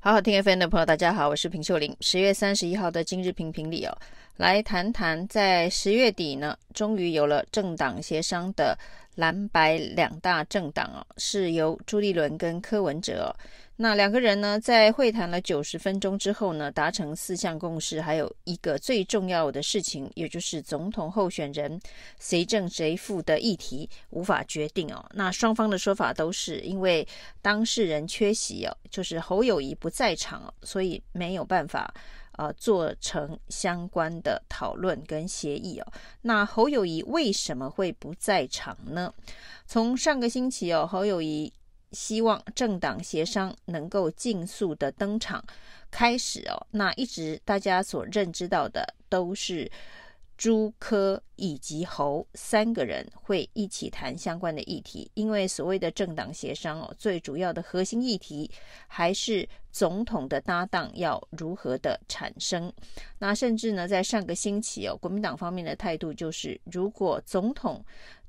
好好聽 FM 的朋友，大家好，我是平秀琳。十月三十一號的今日評評理哦，來談談在十月底呢，終於有了政黨協商的藍白兩大政黨哦，是由朱立倫跟柯文哲哦。那兩個人呢，在會談了九十分鐘之後呢，達成四項共識，還有一個最重要的事情，也就是總統候選人誰正誰副的議題無法決定哦。那雙方的說法都是因為當事人缺席哦，就是侯友宜不在場，所以沒有辦法啊，做成相關的討論跟協議哦。那侯友宜為什麼會不在場呢？從上個星期哦，侯友宜。希望政黨協商能夠儘速的登場開始哦。那一直大家所認知到的都是朱柯以及侯三個人會一起談相關的議題，因為所謂的政黨協商哦，最主要的核心議題還是總統的搭檔要如何的產生。那甚至呢，在上個星期哦，國民黨方面的態度就是，如果總統。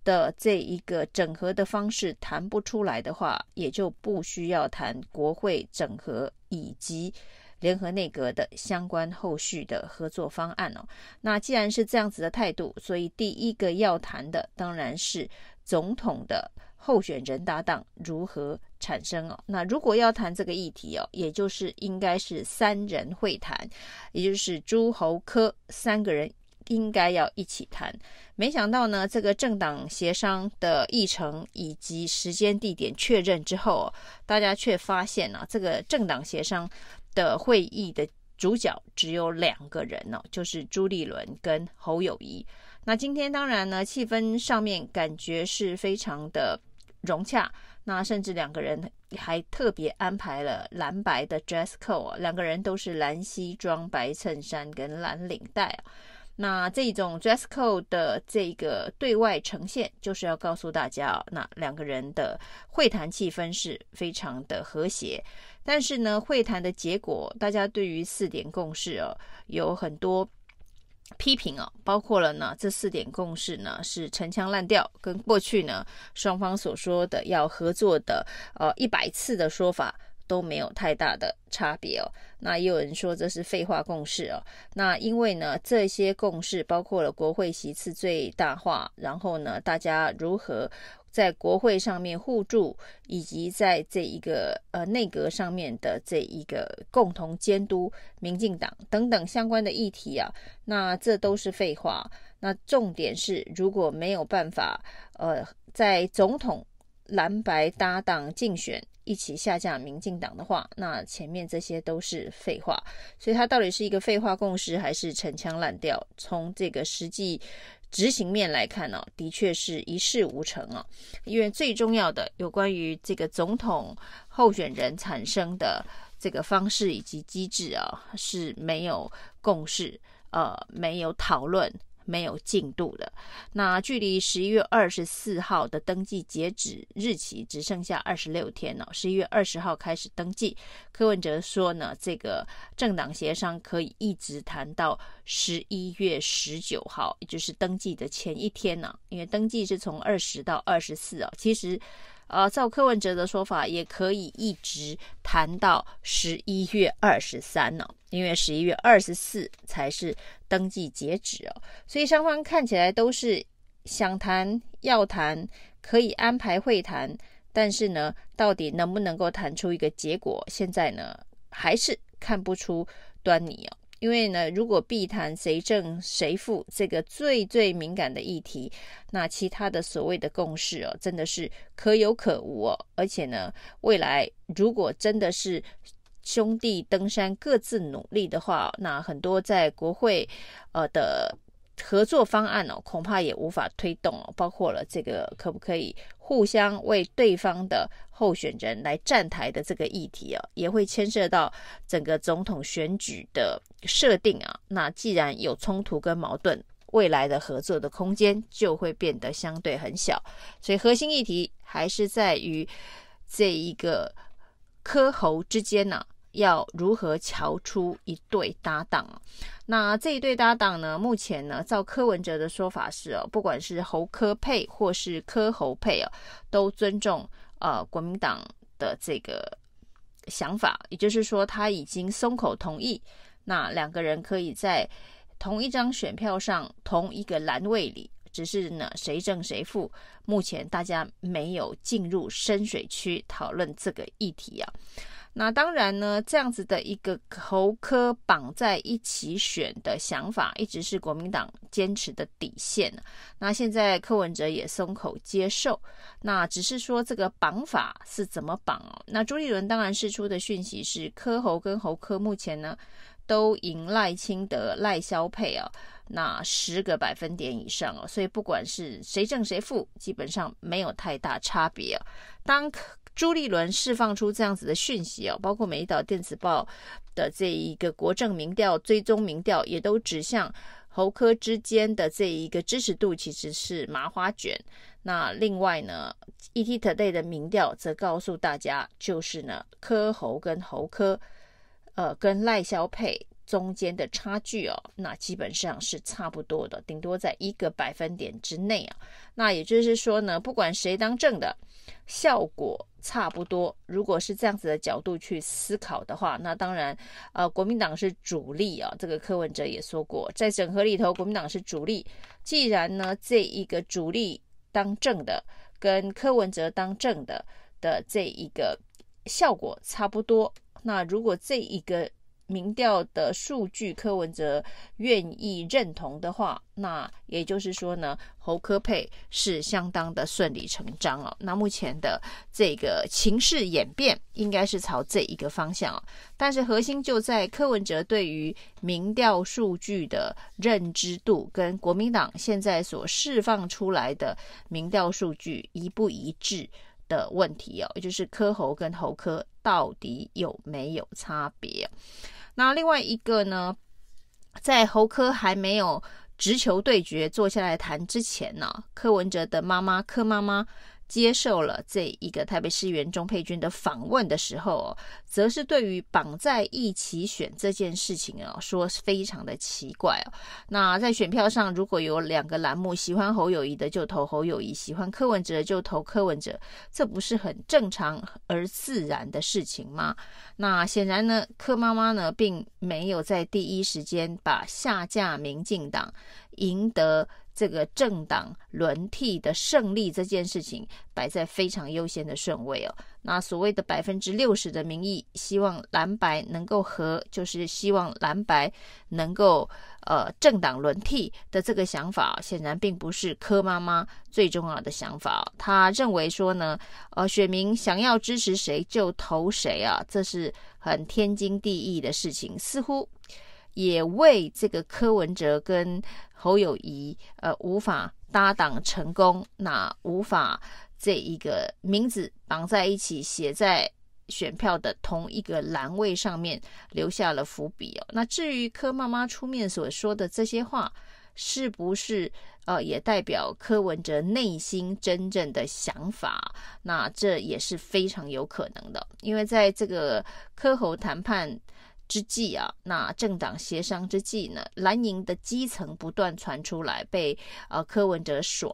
的這一個整合的方式談不出來的話，也就不需要談國會整合以及聯合內閣的相關後續的合作方案哦。那既然是這樣子的態度，所以第一個要談的當然是總統的候選人搭檔如何產生哦。那如果要談這個議題哦，也就是應該是三人會談，也就是朱侯柯三個人。應該要一起談。沒想到呢，這個政黨協商的議程以及時間地點確認之後，哦，大家卻發現呢、啊，這個政黨協商的會議的主角只有兩個人哦，就是朱立倫跟侯友宜。那今天當然呢，氣氛上面感覺是非常的融洽。那甚至兩個人還特別安排了藍白的 dress code，兩個人都是藍西裝、白襯衫跟藍領帶、啊那這種 dress code 的這個對外呈現，就是要告訴大家哦，那兩個人的會談氣氛是非常的和諧。但是呢，會談的結果，大家對於四點共識哦，有很多批評哦，包括了呢，這四點共識呢是陳腔濫調，跟過去呢雙方所說的要合作的呃一百次的說法。都沒有太大的差別哦。那也有人說，這是廢話共識哦。那因為呢，這些共識包括了國會席次最大化，然後呢，大家如何在國會上面互助，以及在這一個呃內閣上面的這一個共同監督民進黨等等相關的議題啊。那這都是廢話。那重點是，如果沒有辦法呃，在總統藍白搭檔競選。一起下架民進黨的話，那前面這些都是廢話，所以它到底是一個廢話共識還是陳腔濫調？從這個實際執行面來看呢、哦，的確是一事無成啊、哦，因為最重要的有關於這個總統候選人產生的這個方式以及機制啊、哦，是沒有共識，呃，沒有討論。沒有進度了。那距離十一月二十四號的登記截止日期只剩下二十六天了、哦。十一月二十號開始登記，柯文哲說呢，這個政黨協商可以一直談到十一月十九號，也就是登記的前一天呢、啊，因為登記是從二十到二十四啊。其實。呃，照柯文哲的說法，也可以一直談到十一月二十三呢，因為十一月二十四才是登記截止哦，所以雙方看起來都是想談、要談、可以安排會談，但是呢，到底能不能夠談出一個結果，現在呢還是看不出端倪哦。因為呢，如果避談誰正誰副這個最最敏感的議題，那其他的所謂的共識哦，真的是可有可無哦。而且呢，未來如果真的是兄弟登山各自努力的話，那很多在國會，呃的。合作方案哦，恐怕也無法推動哦。包括了這個可不可以互相為對方的候選人來站台的這個議題哦，也會牽涉到整個總統選舉的設定啊。那既然有衝突跟矛盾，未來的合作的空間就會變得相對很小。所以核心議題還是在於這一個柯侯之間呢、啊。要如何瞧出一對搭檔、啊、那這一對搭檔呢？目前呢，照柯文哲的說法是哦，不管是侯柯配或是柯侯配、啊、都尊重呃國民黨的這個想法，也就是說他已經鬆口同意，那兩個人可以在同一張選票上同一個欄位裡，只是呢誰勝誰負，目前大家沒有進入深水區討論這個議題啊。那當然呢，這樣子的一個侯柯綁在一起選的想法，一直是國民黨堅持的底線、啊。那現在柯文哲也鬆口接受，那只是說這個綁法是怎麼綁哦、啊？那朱立倫當然釋出的訊息是，柯侯跟侯柯目前呢都贏賴清德、賴蕭配啊，那十個百分點以上哦、啊，所以不管是誰勝誰負，基本上沒有太大差別、啊。當朱立倫釋放出這樣子的訊息哦，包括美麗島電子報的這一個國政民調追蹤民調，也都指向侯柯之間的這一個支持度其實是麻花卷。那另外呢，ET Today 的民調則告訴大家，就是呢，柯侯跟侯柯，呃，跟賴蕭配。中間的差距哦，那基本上是差不多的，頂多在一個百分點之內啊。那也就是說呢，不管誰當政的，效果差不多。如果是這樣子的角度去思考的話，那當然，呃，國民黨是主力啊。這個柯文哲也說過，在整合裡頭，國民黨是主力。既然呢，這一個主力當政的跟柯文哲當政的的這一個效果差不多，那如果這一個。民調的數據，柯文哲願意認同的話，那也就是說呢，侯柯配是相當的順理成章哦。那目前的這個情勢演變，應該是朝這一個方向哦。但是核心就在柯文哲對於民調數據的認知度，跟國民黨現在所釋放出來的民調數據一不一致的問題哦，就是柯侯跟侯柯到底有沒有差別？那另外一個呢，在侯科還沒有直球對決坐下來談之前呢、啊，柯文哲的媽媽柯媽媽。接受了這一個台北市議員鍾佩君的訪問的時候、哦，則是對於綁在一起選這件事情啊、哦，說非常的奇怪哦。那在選票上，如果有兩個欄目，喜歡侯友宜的就投侯友宜，喜歡柯文哲就投柯文哲，這不是很正常而自然的事情嗎？那顯然呢，柯媽媽呢，並沒有在第一時間把下架民進黨贏得。這個政黨輪替的勝利這件事情擺在非常優先的順位哦。那所謂的百分之六十的民意，希望藍白能夠合，就是希望藍白能夠呃政黨輪替的這個想法，顯然並不是柯媽媽最重要的想法。她認為說呢，呃，選民想要支持誰就投誰啊，這是很天經地義的事情。似乎。也為這個柯文哲跟侯友宜，呃，無法搭檔成功，那無法這一個名字綁在一起，寫在選票的同一個欄位上面，留下了伏筆哦。那至於柯媽媽出面所說的這些話，是不是呃，也代表柯文哲內心真正的想法？那這也是非常有可能的，因為在這個柯侯談判。之際啊，那政黨協商之際呢，藍營的基層不斷傳出來被呃柯文哲耍，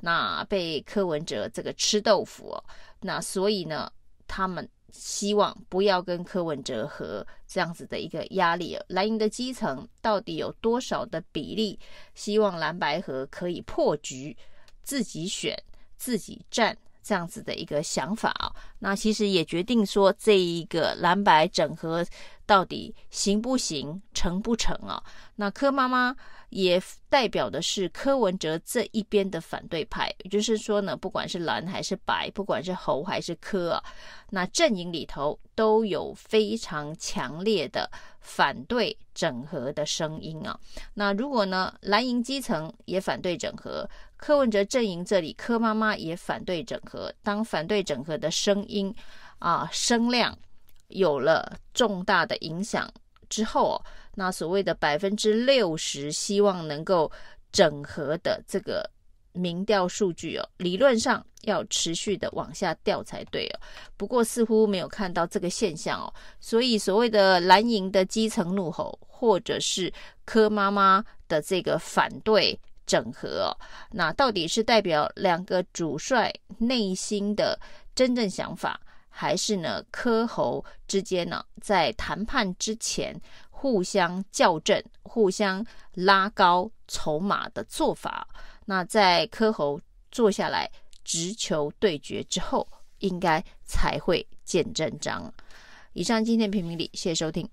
那被柯文哲這個吃豆腐啊，那所以呢，他們希望不要跟柯文哲合這樣子的一個壓力啊。藍營的基層到底有多少的比例，希望藍白合可以破局，自己選自己占這樣子的一個想法啊，那其實也決定說，這一個藍白整合。到底行不行、成不成啊？那柯媽媽也代表的是柯文哲這一邊的反對派，也就是說呢，不管是藍還是白，不管是侯還是柯啊，那陣營裡頭都有非常強烈的反對整合的聲音啊。那如果呢，藍營基層也反對整合，柯文哲陣營這裡柯媽媽也反對整合，當反對整合的聲音啊聲量。有了重大的影響之後哦，那所謂的百分之六十希望能夠整合的這個民調數據哦，理論上要持續的往下掉才對哦。不過似乎沒有看到這個現象哦，所以所謂的藍營的基層怒吼，或者是柯媽媽的這個反對整合哦，那到底是代表兩個主帥內心的真正想法？還是呢，柯侯之間呢，在談判之前互相校正、互相拉高籌碼的做法，那在柯侯坐下來直球對決之後，應該才會見真章。以上今天評評理，謝謝收聽。